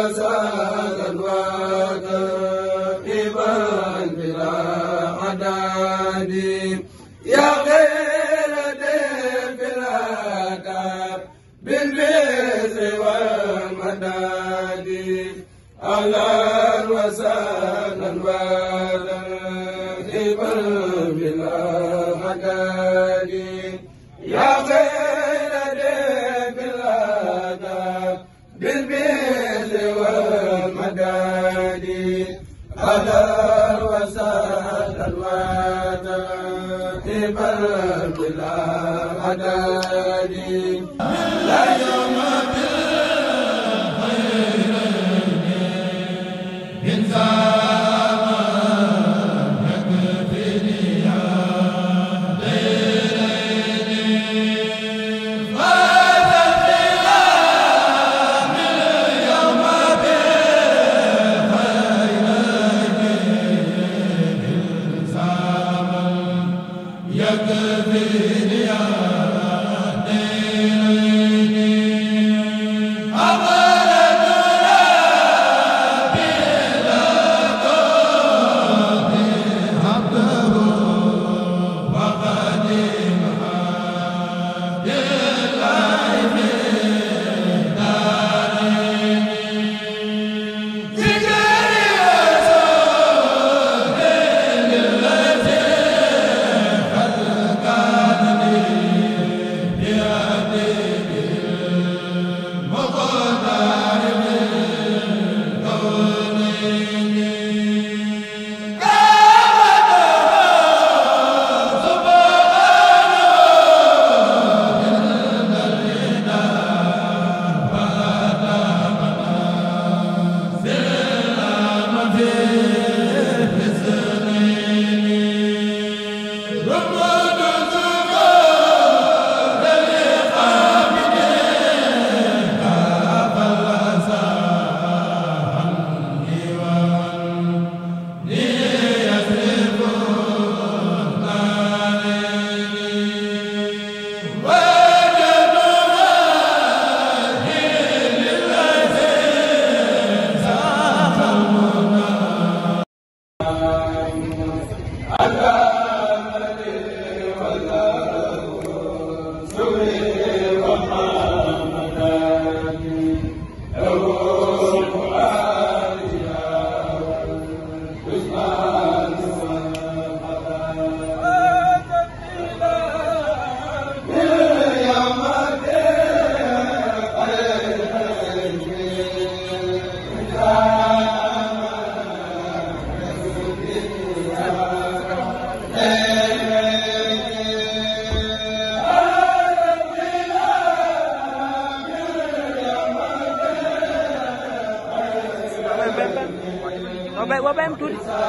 وسالا وترحيبا بلا عداد يا خير ضيف الادب بالرزق والمداد اهلا وسهلا وترحيبا بلا عداد يا خير أداني Akbar bay waa bayam tuuti Ah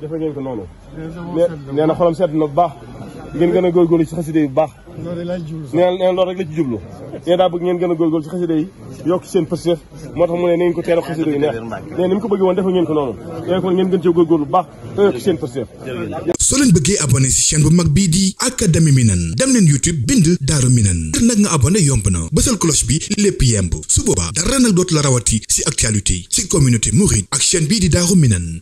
defe ngeen ko noonu. nee na xolam sedd na bu baax. ngeen gën a góorgóorlu loolu rek la ci jublu. nee daa bëgg ngeen gën a góorgóorlu ci xaside yi yokk seen pëstéef moo tax mu ne na ngeen ko teel a yi neex nee ni mu ko bëggee woon defe ngeen ko noonu. nee kon ngeen gën cee góorgóorlu bu baax te yokk seen pëstéef. soo leen bëggee abonné si chaîne bu mag bii di académie Minane dem leen YouTube bind Daaru Minane ngir nag nga abonné yomb na bësal cloche bi lépp yemb su boobaa dara nag dootu la rawati si actualité si communauté mouride ak chaîne bii di Daaru